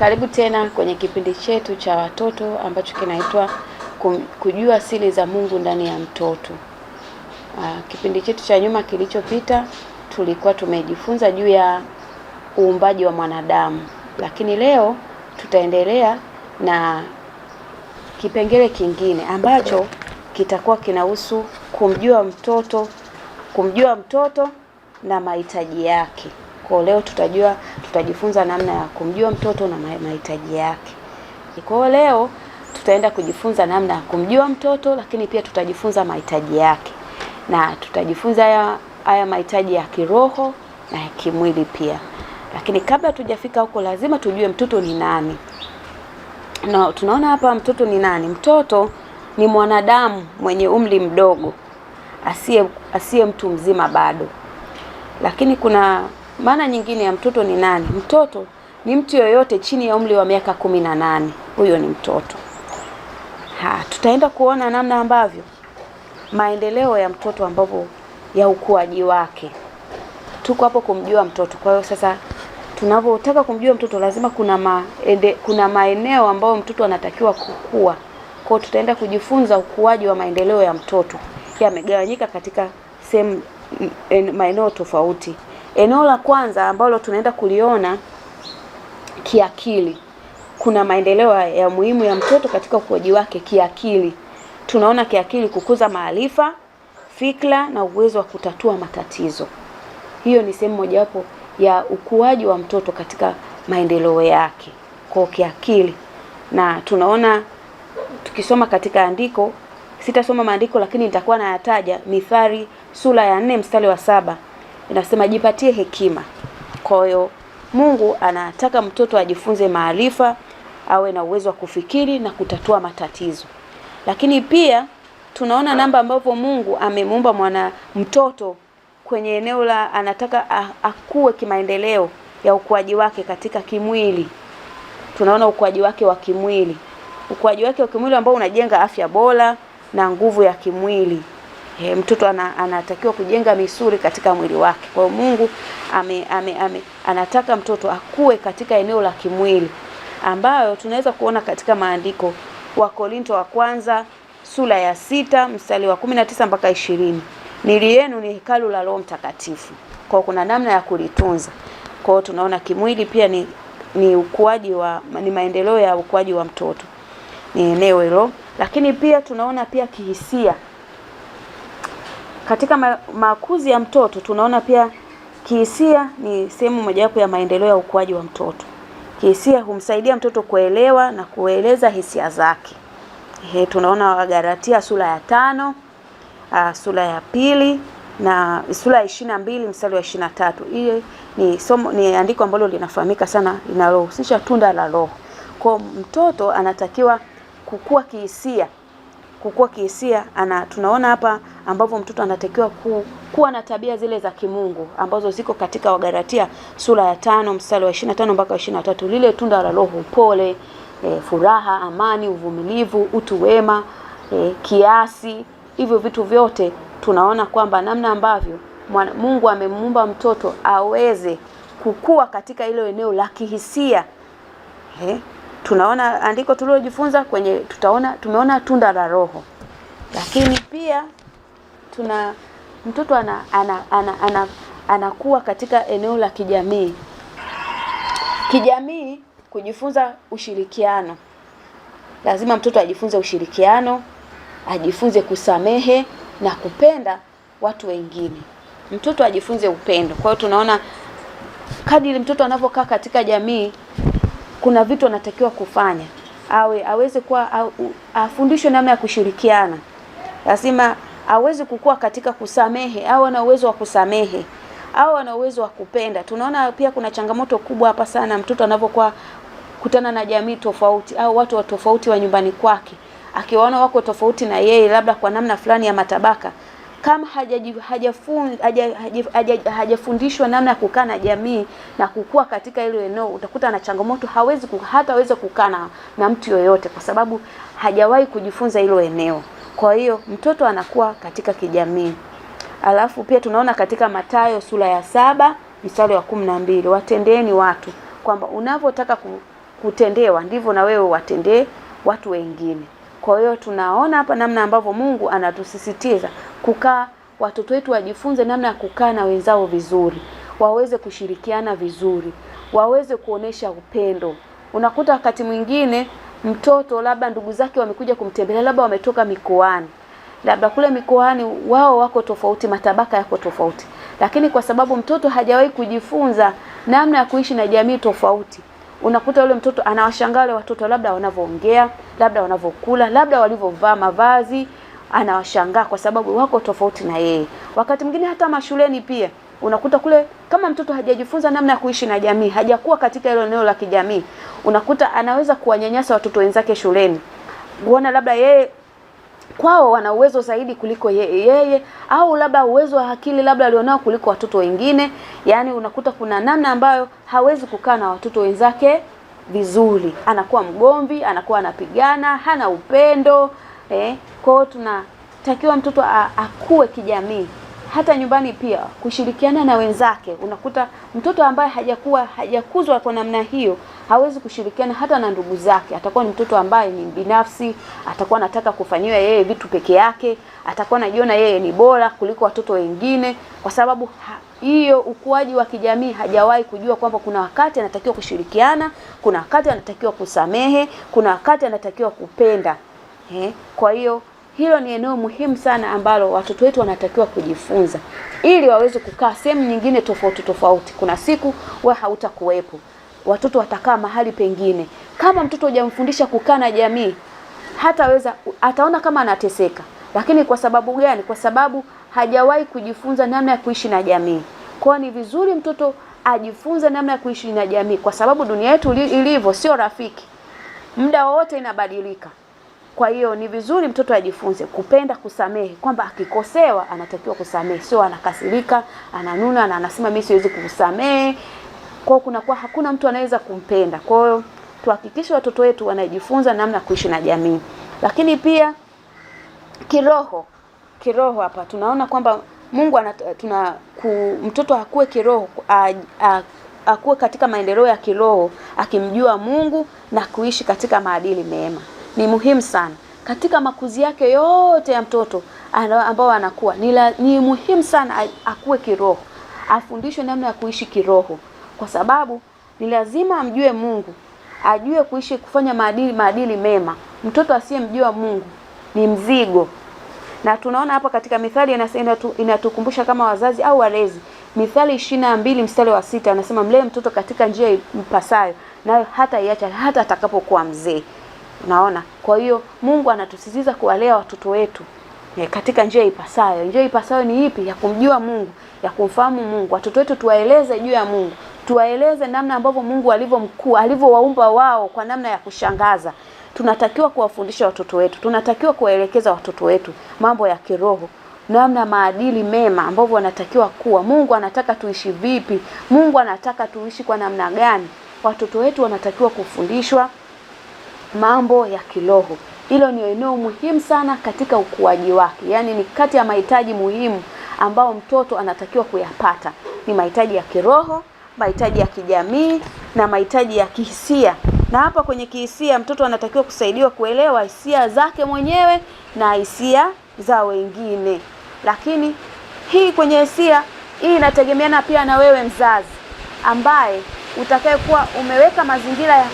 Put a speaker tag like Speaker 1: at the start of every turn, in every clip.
Speaker 1: Karibu tena kwenye kipindi chetu cha watoto ambacho kinaitwa Kujua Siri za Mungu ndani ya Mtoto. Aa, ah, kipindi chetu cha nyuma kilichopita tulikuwa tumejifunza juu ya uumbaji wa mwanadamu, lakini leo tutaendelea na kipengele kingine ambacho kitakuwa kinahusu kumjua mtoto, kumjua mtoto na mahitaji yake. Kwa leo tutajua, tutajifunza namna ya kumjua mtoto na mahitaji yake. Kwa leo tutaenda kujifunza namna ya kumjua mtoto, lakini pia tutajifunza mahitaji yake, na tutajifunza haya, haya mahitaji ya kiroho na ya kimwili pia. Lakini kabla tujafika huko, lazima tujue mtoto ni nani. No, tunaona hapa mtoto ni nani? Mtoto ni mwanadamu mwenye umri mdogo asiye asiye mtu mzima bado, lakini kuna maana nyingine ya mtoto ni nani? Mtoto ni mtu yoyote chini ya umri wa miaka kumi na nane, huyo ni mtoto. Ha, tutaenda kuona namna ambavyo maendeleo ya mtoto ambavyo ya ukuaji wake. Tuko hapo kumjua mtoto. Kwa hiyo sasa tunavyotaka kumjua mtoto lazima kuna maende, kuna maeneo ambayo mtoto anatakiwa kukua. Kwa hiyo tutaenda kujifunza ukuaji wa maendeleo ya mtoto yamegawanyika katika sehemu mm, maeneo tofauti. Eneo la kwanza ambalo tunaenda kuliona kiakili, kuna maendeleo ya muhimu ya mtoto katika ukuaji wake kiakili. Tunaona kiakili kukuza maarifa, fikra na uwezo wa kutatua matatizo. Hiyo ni sehemu mojawapo ya ukuaji wa mtoto katika maendeleo yake kwa kiakili, na tunaona tukisoma katika andiko, sitasoma maandiko lakini nitakuwa nayataja. Mithali sura ya nne mstari wa saba inasema jipatie hekima. Kwa hiyo Mungu anataka mtoto ajifunze maarifa, awe na uwezo wa kufikiri na kutatua matatizo. Lakini pia tunaona namba ambapo Mungu amemuumba mwana mtoto kwenye eneo la anataka akue kimaendeleo ya ukuaji wake katika kimwili. Tunaona ukuaji wake wa kimwili, ukuaji wake wa kimwili ambao unajenga afya bora na nguvu ya kimwili. E, mtoto ana, anatakiwa kujenga misuli katika mwili wake. Kwa hiyo Mungu ame, ame, ame, anataka mtoto akue katika eneo la kimwili ambayo tunaweza kuona katika maandiko Wakorinto wa kwanza sura ya sita mstari wa 19 mpaka ishirini mili yenu ni hekalu la Roho Mtakatifu. Kwa kuna namna ya kulitunza. Kwa hiyo tunaona kimwili pia ni ni ukuaji wa ni maendeleo ya ukuaji wa mtoto ni eneo hilo, lakini pia tunaona pia kihisia katika makuzi ya mtoto tunaona pia kihisia ni sehemu mojawapo ya maendeleo ya ukuaji wa mtoto. Kihisia humsaidia mtoto kuelewa na kueleza hisia zake. He, tunaona Wagalatia sura ya tano a, ah, sura ya pili na sura ya ishirini na mbili mstari wa ishirini na tatu. hii ni somo, ni andiko ambalo linafahamika sana linalohusisha tunda la Roho. Kwa mtoto anatakiwa kukua kihisia kukua kihisia ana, tunaona hapa ambapo mtoto anatakiwa ku, kuwa na tabia zile za kimungu ambazo ziko katika Wagalatia sura ya tano mstari wa 25 mpaka 23, lile tunda la Roho: upole, e, furaha, amani, uvumilivu, utu wema, e, kiasi. Hivyo vitu vyote tunaona kwamba namna ambavyo Mungu amemuumba mtoto aweze kukua katika ile eneo la kihisia eh tunaona andiko tulilojifunza kwenye tutaona tumeona tunda la Roho, lakini pia tuna mtoto ana, ana, ana, ana, anakuwa katika eneo la kijamii. Kijamii kujifunza ushirikiano, lazima mtoto ajifunze ushirikiano, ajifunze kusamehe na kupenda watu wengine, mtoto ajifunze upendo. Kwa hiyo tunaona kadiri mtoto anavyokaa katika jamii kuna vitu anatakiwa kufanya awe aweze kuwa afundishwe namna ya kushirikiana. Lazima aweze kukua katika kusamehe, au ana uwezo wa kusamehe, au ana uwezo wa kupenda. Tunaona pia kuna changamoto kubwa hapa sana, mtoto anapokuwa kutana na jamii tofauti au watu wa tofauti wa nyumbani kwake, akiwaona wako tofauti na yeye, labda kwa namna fulani ya matabaka kama hajafundishwa haja, haja, haja namna ya kukaa na jamii na kukua katika hilo eneo, utakuta na changamoto, hawezi hata aweze kukaa na, na mtu yoyote, kwa sababu hajawahi kujifunza hilo eneo. Kwa hiyo mtoto anakuwa katika kijamii. Alafu pia tunaona katika Mathayo sura ya saba mstari wa kumi na mbili watendeeni watu kwamba unavyotaka kutendewa ndivyo na wewe watendee watu wengine. Kwa hiyo tunaona hapa namna ambavyo Mungu anatusisitiza kukaa, watoto wetu wajifunze namna ya kukaa na wenzao vizuri, waweze kushirikiana vizuri, waweze kuonesha upendo. Unakuta wakati mwingine mtoto labda ndugu zake wamekuja kumtembelea, labda wametoka mikoani, labda kule mikoani wao wako tofauti, matabaka yako tofauti, lakini kwa sababu mtoto hajawahi kujifunza namna ya kuishi na jamii tofauti unakuta yule mtoto anawashangaa wale watoto, labda wanavyoongea, labda wanavyokula, labda walivyovaa mavazi, anawashangaa kwa sababu wako tofauti na yeye. Wakati mwingine hata mashuleni pia unakuta kule, kama mtoto hajajifunza namna ya kuishi na jamii, hajakuwa katika ile eneo la kijamii, unakuta anaweza kuwanyanyasa watoto wenzake shuleni, kuona labda yeye kwao wana uwezo zaidi kuliko yeye, yeye au labda uwezo wa akili labda alionao kuliko watoto wengine. Yaani unakuta kuna namna ambayo hawezi kukaa na watoto wenzake vizuri, anakuwa mgomvi, anakuwa anapigana, hana upendo eh. Kwao tunatakiwa mtoto akue kijamii hata nyumbani pia kushirikiana na wenzake. Unakuta mtoto ambaye hajakuwa hajakuzwa kwa namna hiyo hawezi kushirikiana hata na ndugu zake. Atakuwa ni mtoto ambaye ni binafsi, atakuwa anataka kufanyiwa yeye vitu peke yake, atakuwa anajiona yeye ni bora kuliko watoto wengine, kwa sababu hiyo ukuaji wa kijamii hajawahi kujua kwamba kuna wakati anatakiwa kushirikiana, kuna wakati anatakiwa kusamehe, kuna wakati anatakiwa kupenda eh. Kwa hiyo hilo ni eneo muhimu sana ambalo watoto wetu wanatakiwa kujifunza ili waweze kukaa sehemu nyingine tofauti tofauti. Kuna siku wewe hautakuwepo, watoto watakaa mahali pengine. Kama mtoto hujamfundisha kukaa na jamii, hataweza ataona kama anateseka. Lakini kwa sababu gani? Kwa sababu hajawahi kujifunza namna ya kuishi na jamii. Kwa ni vizuri mtoto ajifunze namna ya kuishi na jamii, kwa sababu dunia yetu ilivyo sio rafiki, muda wowote inabadilika. Kwa hiyo ni vizuri mtoto ajifunze kupenda kusamehe, kwamba akikosewa anatakiwa kusamehe, sio anakasirika, ananuna na anasema mimi siwezi kusamehe Kwa hiyo kunakuwa hakuna mtu anaweza kumpenda. Kwa hiyo tuhakikishe watoto wetu wanajifunza namna ya kuishi na jamii, lakini pia kiroho. Kiroho hapa tunaona kwamba Mungu anatuna ku, mtoto akue kiroho a, a, akuwe katika maendeleo ya kiroho akimjua Mungu na kuishi katika maadili mema ni muhimu sana katika makuzi yake yote ya mtoto ambao anakuwa ni, la, ni muhimu sana akuwe kiroho, afundishwe namna ya kuishi kiroho, kwa sababu ni lazima amjue Mungu, ajue kuishi, kufanya maadili maadili mema. Mtoto asiyemjua Mungu ni mzigo, na tunaona hapa katika Mithali inatu, inatukumbusha kama wazazi au walezi. Mithali ishirini na mbili mstari wa sita anasema mlee mtoto katika njia ipasayo, nayo hata iacha hata atakapokuwa mzee. Unaona, kwa hiyo Mungu anatusisitiza kuwalea watoto wetu e, katika njia ipasayo. Njia ipasayo ni ipi? Ya kumjua Mungu, ya kumfahamu Mungu. Watoto wetu tuwaeleze juu ya Mungu, tuwaeleze namna ambavyo Mungu alivyo mkuu, alivyowaumba wao kwa namna ya kushangaza. Tunatakiwa kuwafundisha watoto wetu, tunatakiwa kuwaelekeza watoto wetu mambo ya kiroho namna maadili mema ambavyo wanatakiwa kuwa. Mungu anataka tuishi vipi? Mungu anataka tuishi kwa namna gani? Watoto wetu wanatakiwa kufundishwa mambo ya kiroho. Hilo ni eneo muhimu sana katika ukuaji wake, yaani ni kati ya mahitaji muhimu ambao mtoto anatakiwa kuyapata, ni mahitaji ya kiroho, mahitaji ya kijamii na mahitaji ya kihisia. Na hapa kwenye kihisia, mtoto anatakiwa kusaidiwa kuelewa hisia zake mwenyewe na hisia za wengine, lakini hii kwenye hisia hii inategemeana pia na wewe mzazi ambaye utakayekuwa umeweka mazingira ya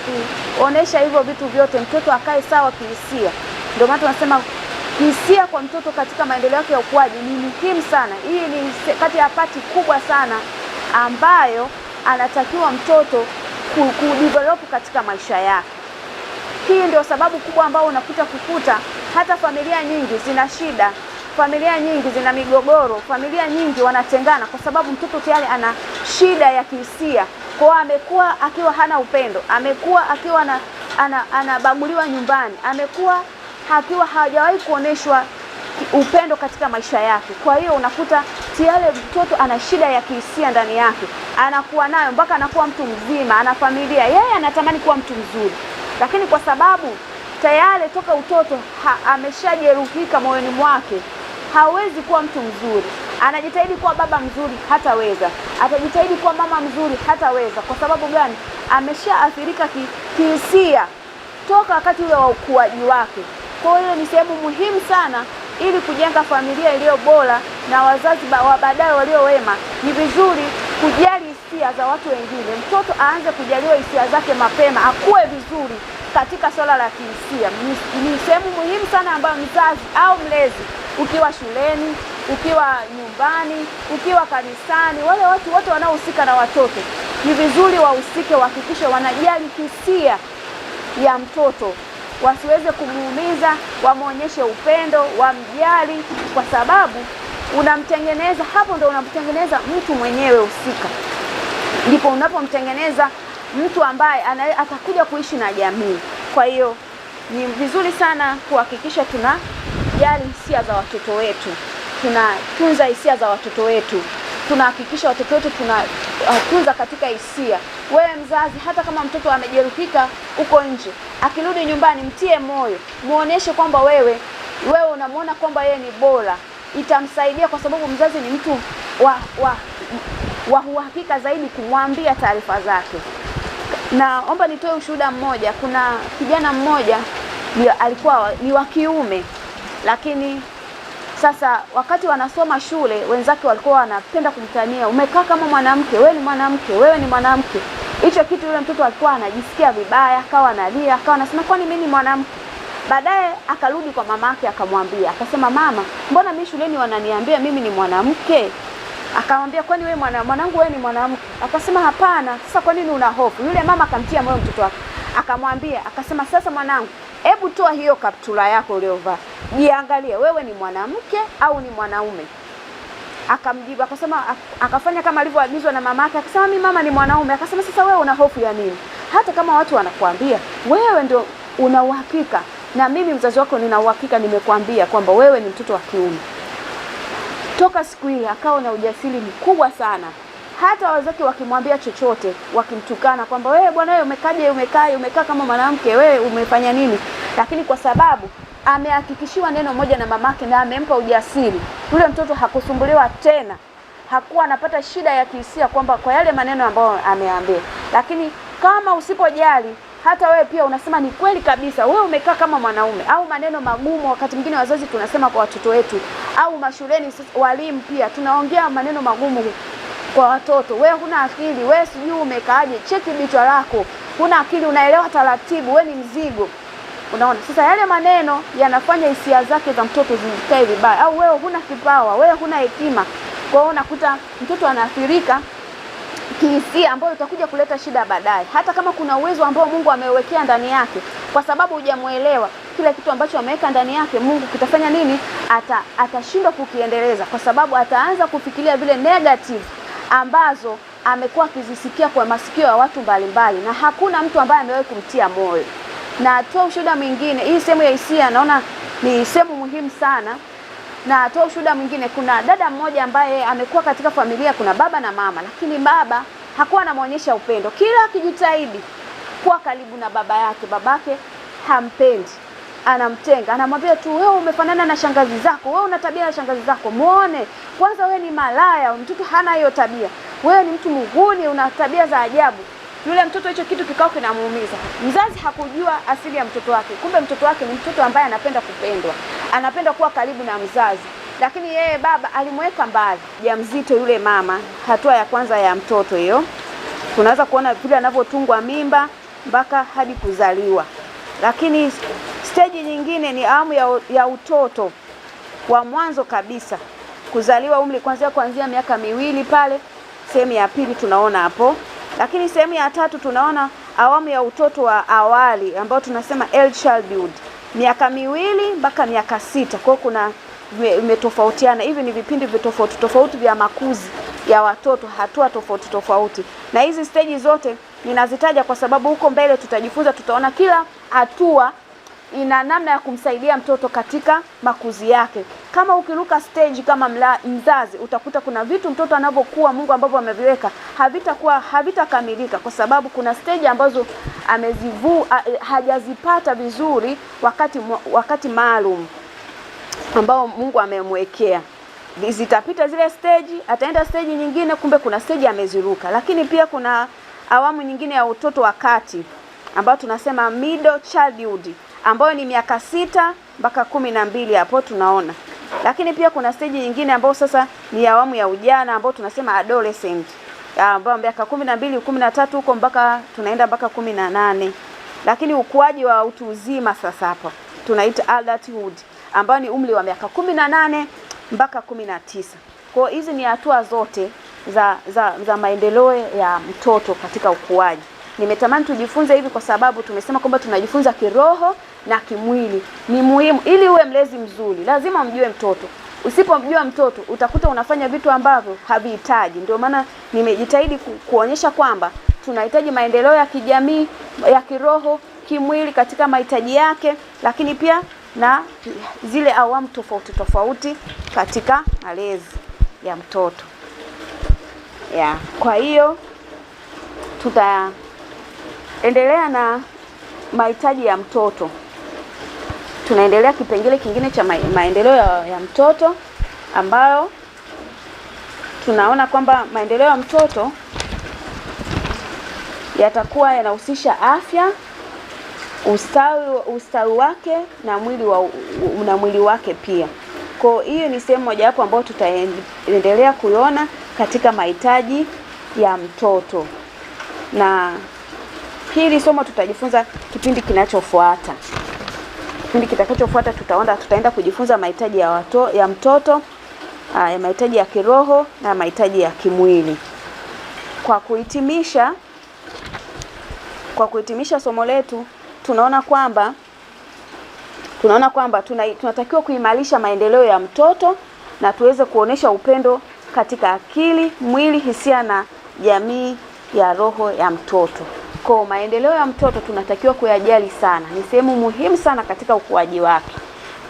Speaker 1: kuonesha hivyo vitu vyote, mtoto akae sawa kihisia. Ndio maana tunasema hisia kwa mtoto katika maendeleo yake ya ukuaji ni muhimu sana. Hii ni kati ya pati kubwa sana ambayo anatakiwa mtoto kudevelop katika maisha yake. Hii ndio sababu kubwa ambayo unakuta kukuta hata familia nyingi zina shida familia nyingi zina migogoro, familia nyingi wanatengana kwa sababu mtoto tayari ana shida ya kihisia, kwa amekuwa akiwa hana upendo, amekuwa akiwa ana, ana, anabaguliwa nyumbani, amekuwa akiwa hajawahi kuonyeshwa upendo katika maisha yake. Kwa hiyo unakuta tiale mtoto ana shida ya kihisia ndani yake, anakuwa nayo mpaka anakuwa mtu mzima, ana familia, yeye anatamani kuwa mtu mzuri, lakini kwa sababu tayari toka utoto ameshajeruhika moyoni mwake hawezi kuwa mtu mzuri. Anajitahidi kuwa baba mzuri, hataweza. Atajitahidi kuwa mama mzuri, hataweza. Kwa sababu gani? Ameshaathirika kihisia toka wakati ule wa ukuaji wake. Kwa hiyo ni sehemu muhimu sana ili kujenga familia iliyo bora na wazazi wa baadaye walio wema, ni vizuri kujali hisia za watu wengine. Mtoto aanze kujaliwa hisia zake mapema, akue vizuri katika swala la kihisia. Ni sehemu muhimu sana ambayo mzazi au mlezi ukiwa shuleni, ukiwa nyumbani, ukiwa kanisani, wale watu wote wanaohusika na watoto ni vizuri wahusike, wahakikishe wanajali hisia ya mtoto, wasiweze kumuumiza, wamwonyeshe upendo, wamjali, kwa sababu unamtengeneza hapo, ndo unamtengeneza mtu mwenyewe husika, ndipo unapomtengeneza mtu ambaye atakuja kuishi na jamii. Kwa hiyo ni vizuri sana kuhakikisha tuna tunajali hisia za watoto wetu, tunatunza hisia za watoto wetu, tunahakikisha watoto wetu tunatunza katika hisia. Wewe mzazi, hata kama mtoto amejeruhika huko nje, akirudi nyumbani, mtie moyo, muoneshe kwamba wewe wewe unamwona kwamba yeye ni bora, itamsaidia kwa sababu mzazi ni mtu wa wa wa uhakika zaidi kumwambia taarifa zake. Naomba nitoe ushuhuda mmoja. Kuna kijana mmoja alikuwa ni wa kiume lakini sasa wakati wanasoma shule wenzake walikuwa wanapenda kumtania, umekaa kama mwanamke, wewe ni mwanamke, wewe ni mwanamke. Hicho kitu yule mtoto alikuwa anajisikia vibaya, akawa analia, akawa anasema kwani mimi ni mwanamke. Baadaye akarudi kwa mama yake, akamwambia akasema, mama, mbona mimi shuleni wananiambia mimi ni mwanamke? Akamwambia, kwani wewe mwana mwanangu, wewe ni mwanamke? Akasema, hapana. Sasa kwa nini una hofu? Yule mama akamtia moyo mtoto wake, akamwambia akasema, sasa mwanangu Hebu toa hiyo kaptula yako uliyovaa, jiangalie wewe ni mwanamke au ni mwanaume. Akamjibu akasema, akafanya kama alivyoagizwa na mama yake, akasema mimi mama ni mwanaume. Akasema sasa wewe una hofu ya nini? Hata kama watu wanakuambia wewe ndio una uhakika, na mimi mzazi wako nina uhakika, nimekwambia kwamba wewe ni mtoto wa kiume. Toka siku ile akawa na ujasiri mkubwa sana hata wazake wakimwambia chochote, wakimtukana kwamba wewe bwana, wewe umekaje, umekaa umekaa kama mwanamke wewe, umefanya nini, lakini kwa sababu amehakikishiwa neno moja na mamake na amempa ujasiri, yule mtoto hakusumbuliwa tena, hakuwa anapata shida ya kihisia kwamba kwa yale maneno ambayo ameambia. Lakini kama usipojali hata wewe pia unasema ni kweli kabisa, wewe umekaa kama mwanaume, au maneno magumu. Wakati mwingine wazazi tunasema kwa watoto wetu, au mashuleni walimu pia tunaongea maneno magumu kwa watoto, we huna akili, we sijui umekaaje, cheki bichwa lako, huna akili, unaelewa taratibu, we ni mzigo. Unaona, sasa yale maneno yanafanya hisia zake za mtoto zikae vibaya, au wewe huna kipawa, wewe huna hekima. Kwa hiyo unakuta mtoto anaathirika kihisia, ambayo utakuja kuleta shida baadaye, hata kama kuna uwezo ambao Mungu amewekea ndani yake, kwa sababu hujamuelewa kile kitu ambacho ameweka ndani yake Mungu kitafanya nini? Ata atashindwa kukiendeleza, kwa sababu ataanza kufikiria vile negative ambazo amekuwa akizisikia kwa masikio ya watu mbalimbali na hakuna mtu ambaye amewahi kumtia moyo. Na toa ushuhuda mwingine, hii sehemu ya hisia naona ni sehemu muhimu sana. Na toa ushuhuda mwingine, kuna dada mmoja ambaye amekuwa katika familia, kuna baba na mama, lakini baba hakuwa anamwonyesha upendo, kila akijitahidi kuwa karibu na baba yake, babake hampendi anamtenga, anamwambia tu, wewe umefanana na shangazi zako, wewe una tabia ya shangazi zako, muone kwanza, wewe ni malaya, mtoto hana hiyo tabia, wewe ni mtu mguni, una tabia za ajabu. Yule mtoto hicho kitu kikao kinamuumiza. Mzazi hakujua asili ya mtoto wake, kumbe mtoto wake ni mtoto ambaye anapenda kupendwa, anapenda kuwa karibu na mzazi, lakini yeye baba alimweka mbali. Mjamzito yule mama, hatua ya kwanza ya mtoto hiyo, tunaweza kuona vile anavyotungwa mimba mpaka hadi kuzaliwa. Lakini steji nyingine ni awamu ya, ya utoto wa mwanzo kabisa kuzaliwa umri kuanzia kuanzia miaka miwili pale sehemu ya pili tunaona hapo, lakini sehemu ya tatu tunaona awamu ya utoto wa awali ambao tunasema early childhood, miaka miwili mpaka miaka sita. Kwa hiyo kuna vimetofautiana, hivi ni vipindi vitofauti tofauti vya makuzi ya watoto, hatua tofauti tofauti, na hizi steji zote Ninazitaja kwa sababu huko mbele tutajifunza, tutaona kila hatua ina namna ya kumsaidia mtoto katika makuzi yake. Kama ukiruka stage kama mla, mzazi utakuta kuna vitu mtoto anavyokuwa Mungu ambavyo ameviweka havitakuwa havitakamilika, kwa sababu kuna stage ambazo amezivu hajazipata vizuri wakati wakati maalum ambao Mungu amemwekea zitapita zile stage, ataenda stage nyingine, kumbe kuna stage ameziruka. Lakini pia kuna awamu nyingine ya utoto wa kati ambayo tunasema middle childhood ambayo ni miaka sita mpaka kumi na mbili hapo tunaona. Lakini pia kuna stage nyingine ambayo sasa ni awamu ya ujana ambayo tunasema adolescent ambayo miaka kumi na mbili kumi na tatu huko mpaka tunaenda mpaka kumi na nane lakini ukuaji wa utu uzima sasa hapa tunaita adulthood ambayo ni umri wa miaka kumi na nane mpaka kumi na tisa. Kwa hiyo hizi ni hatua zote za, za, za maendeleo ya mtoto katika ukuaji. Nimetamani tujifunze hivi kwa sababu tumesema kwamba tunajifunza kiroho na kimwili. Ni muhimu ili uwe mlezi mzuri, lazima umjue mtoto. Usipomjua mtoto utakuta unafanya vitu ambavyo havihitaji. Ndio maana nimejitahidi ku, kuonyesha kwamba tunahitaji maendeleo ya kijamii, ya kiroho, kimwili katika mahitaji yake, lakini pia na zile awamu tofauti tofauti katika malezi ya mtoto yeah. Kwa hiyo tutaendelea na mahitaji ya mtoto, tunaendelea kipengele kingine cha maendeleo ya, ya mtoto ambayo tunaona kwamba maendeleo ya mtoto yatakuwa yanahusisha afya, ustawi, ustawi wake na mwili wa, na mwili wake pia. Kwa hiyo ni sehemu mojawapo ambayo tutaendelea kuiona katika mahitaji ya mtoto, na hili somo tutajifunza kipindi kinachofuata. Kipindi kitakachofuata tutaenda tutaenda kujifunza mahitaji ya wato, ya mtoto aa, ah, ya mahitaji ya kiroho na mahitaji ya kimwili. Kwa kuhitimisha, kwa kuhitimisha somo letu tunaona kwamba tunaona kwamba tunatakiwa kuimarisha maendeleo ya mtoto na tuweze kuonesha upendo katika akili, mwili, hisia na jamii ya roho ya mtoto. Kwa maendeleo ya mtoto tunatakiwa kuyajali sana, ni sehemu muhimu sana katika ukuaji wake,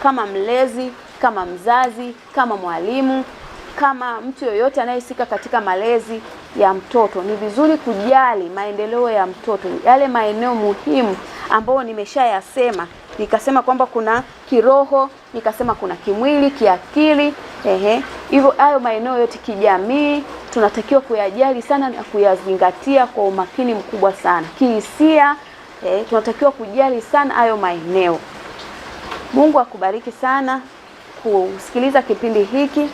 Speaker 1: kama mlezi, kama mzazi, kama mwalimu, kama mtu yoyote anayehusika katika malezi ya mtoto, ni vizuri kujali maendeleo ya mtoto, yale maeneo muhimu ambayo nimeshayasema. Nikasema kwamba kuna kiroho, nikasema kuna kimwili, kiakili, ehe. Hivyo hayo maeneo yote kijamii tunatakiwa kuyajali sana na kuyazingatia kwa umakini mkubwa sana. Kihisia eh, tunatakiwa kujali sana hayo maeneo. Mungu akubariki sana kusikiliza kipindi hiki.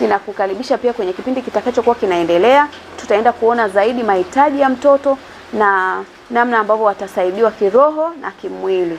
Speaker 1: Ninakukaribisha pia kwenye kipindi kitakachokuwa kinaendelea. Tutaenda kuona zaidi mahitaji ya mtoto na namna ambavyo watasaidiwa kiroho na kimwili.